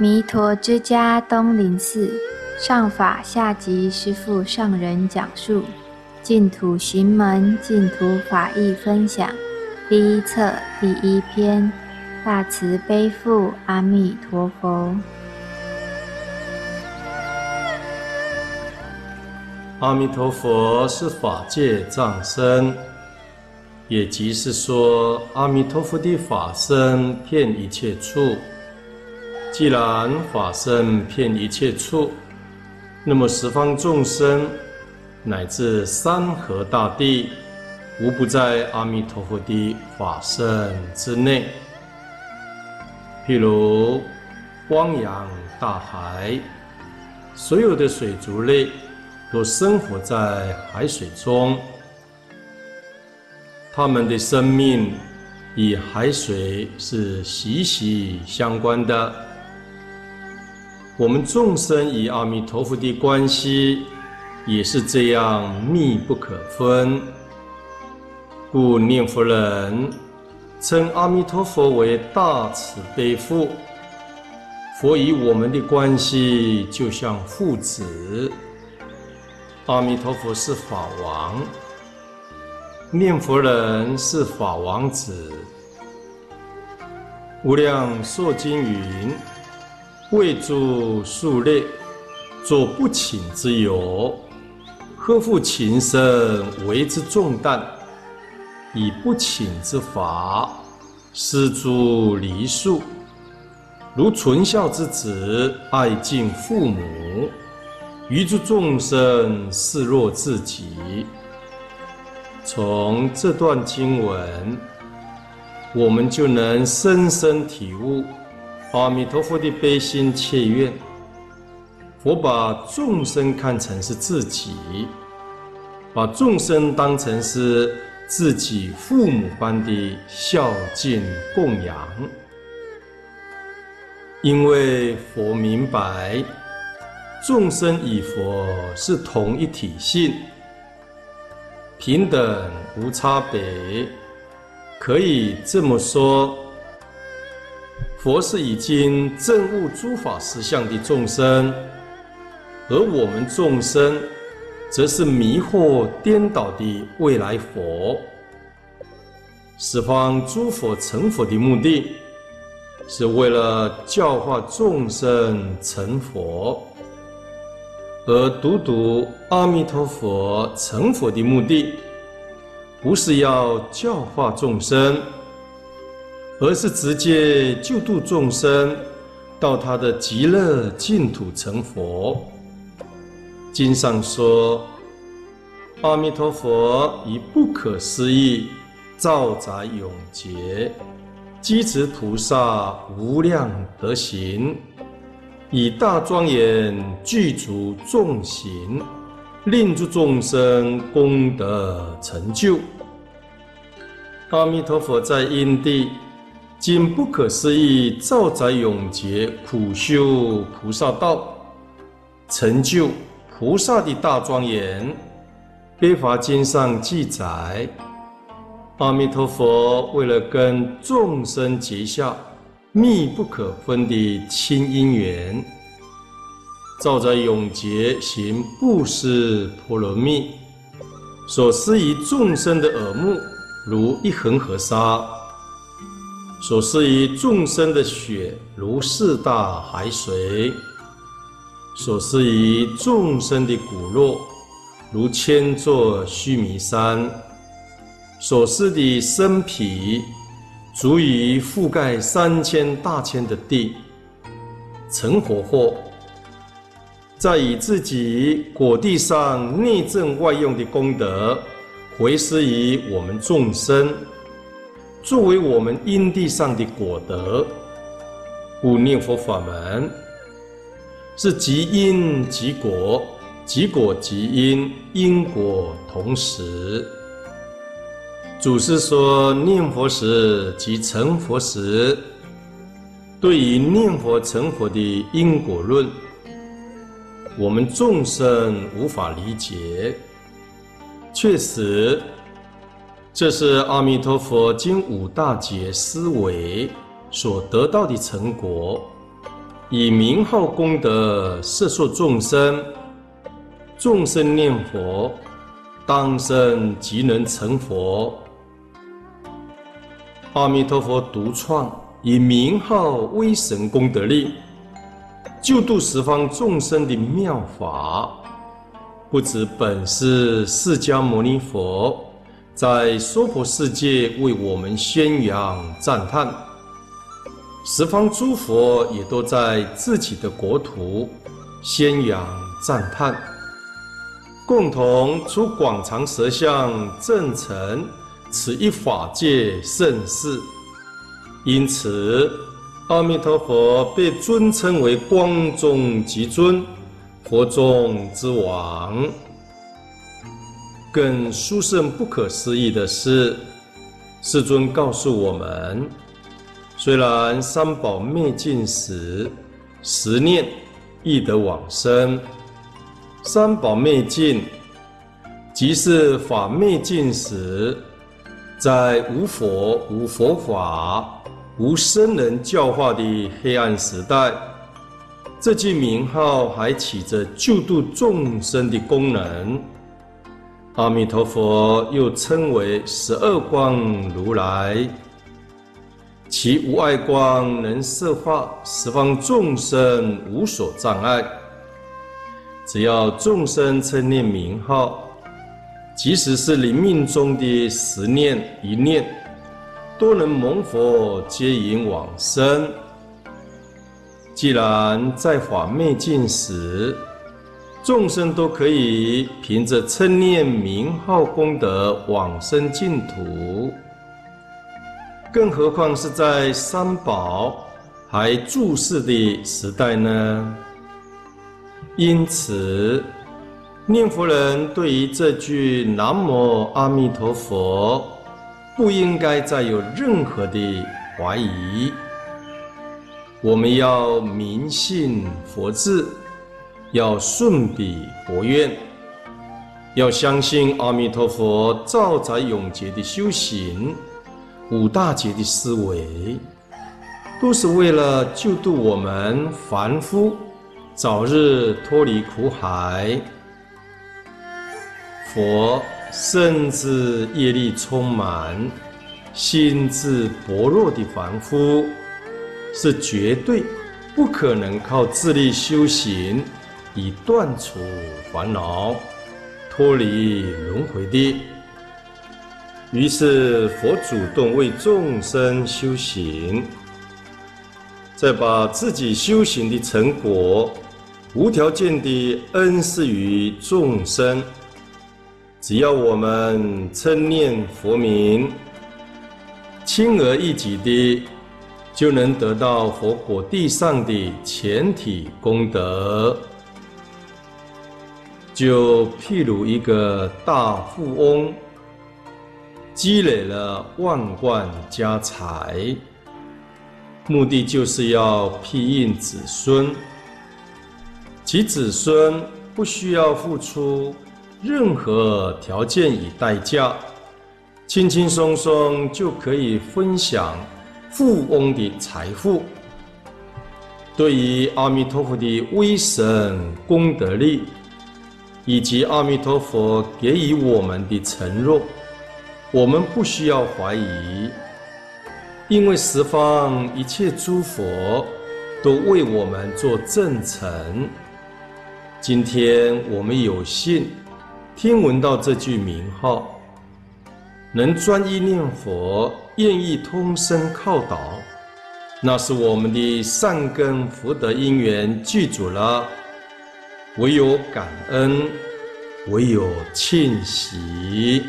彌陀之家東林寺上法下寂師父上人講述淨土行門淨土法義分享第一冊第一篇大慈悲父阿彌陀佛。阿彌陀佛是法界藏身，也即是說阿彌陀佛的法身遍一切處。既然法身遍一切處，那麼十方眾生乃至山河大地，無不在阿彌陀佛的法身之內。譬如汪洋大海，所有的水族類都生活在海水中，它們的生命與海水是息息相關的。我們眾生與阿彌陀佛的關係也是這樣密不可分。故念佛人稱阿彌陀佛為大慈悲父，佛與我們的關係就像父子。阿彌陀佛是法王，念佛人是法王子。無量壽經云。為諸庶類，作不請之友，荷負群生為之重擔，以不請之法施諸黎庶，如純孝之子愛敬父母，於諸眾生視若自己。從這段經文，我們就能深深體悟。阿彌陀佛的悲心切願，佛把眾生看成是自己，把眾生當成是自己父母般的孝敬供養。因為佛明白，眾生與佛是同一體性，平等無差別，可以這麼說。佛是已經證悟諸法實相的眾生，而我們眾生，則是迷惑顛倒的未來佛。十方諸佛成佛的目的是為了教化眾生成佛，而獨獨阿彌陀佛成佛的目的，不是要教化眾生。而是直接救度眾生，到他的極樂淨土成佛。經上說：“阿彌陀佛以不可思議兆載永劫，積植菩薩無量德行，以大莊嚴具足眾行，令諸眾生功德成就。”阿彌陀佛在因地。經不可思議，兆載永劫苦修菩薩道，成就菩薩的大莊嚴。《悲華經》上記載，阿彌陀佛為了跟眾生結下密不可分的親姻緣，兆載永劫行布施波羅蜜，所施於眾生的耳目，如一恆河沙。所施於眾生的血，如四大海水；所施於眾生的骨肉，如千座須彌山；所施的身皮，足以覆蓋三千大千的地。成佛後，再以自己果地上內證外用的功德，回施於我們眾生。作為我們因地上的果德，五念佛法門是即因即果，即果即因，因果同時。祖師說，念佛時即成佛時。對於念佛成佛的因果論，我們眾生無法理解。確實。這是阿彌陀佛經五大劫思維所得到的成果，以名號功德攝受眾生，眾生念佛，當生即能成佛。阿彌陀佛獨創以名號威神功德力救度十方眾生的妙法，不止本師釋迦牟尼佛，在娑婆世界為我們宣揚讚歎，十方諸佛也都在自己的國土宣揚讚歎，共同出廣長舌相正，證成此一法界盛世。因此，阿彌陀佛被尊稱為光中極尊，佛中之王。更殊勝不可思議的是，世尊告訴我們：雖然三寶滅盡時，十念亦得往生；三寶滅盡，即是法滅盡時，在無佛、無佛法、無僧人教化的黑暗時代，這句名號還起着救度眾生的功能。阿彌陀佛又稱為十二光如來，其無礙光能攝化十方眾生，無所障礙。只要眾生稱念名號，即使是臨命終的十念一念，都能蒙佛接引往生。既然在法滅盡時，眾生都可以憑着稱念名號功德往生淨土，更何況是在三寶還住世的時代呢？因此，念佛人對於這句南無阿彌陀佛不應該再有任何的懷疑。我們要明信佛智。要順彼佛願，要相信阿彌陀佛兆載永劫的修行，五大劫的思維，都是為了救度我們凡夫早日脫離苦海。佛甚至業力充滿、心智薄弱的凡夫，是絕對不可能靠自力修行。以斷除煩惱、脫離輪迴的。於是佛主動為眾生修行，再把自己修行的成果無條件的恩賜於眾生。只要我們稱念佛名，輕而易舉的就能得到佛果地上的全體功德。就譬如一個大富翁，積累了萬貫家財，目的就是要庇蔭子孫。其子孫不需要付出任何條件與代價，輕輕鬆鬆就可以分享富翁的財富。對於阿彌陀佛的威神功德力。以及阿彌陀佛給予我們的承諾，我們不需要懷疑，因為十方一切諸佛都為我們做證誠。今天我們有幸聽聞到這句名號，能專一念佛，願意通身靠倒，那是我們的善根福德因緣具足了。唯有感恩，唯有慶喜。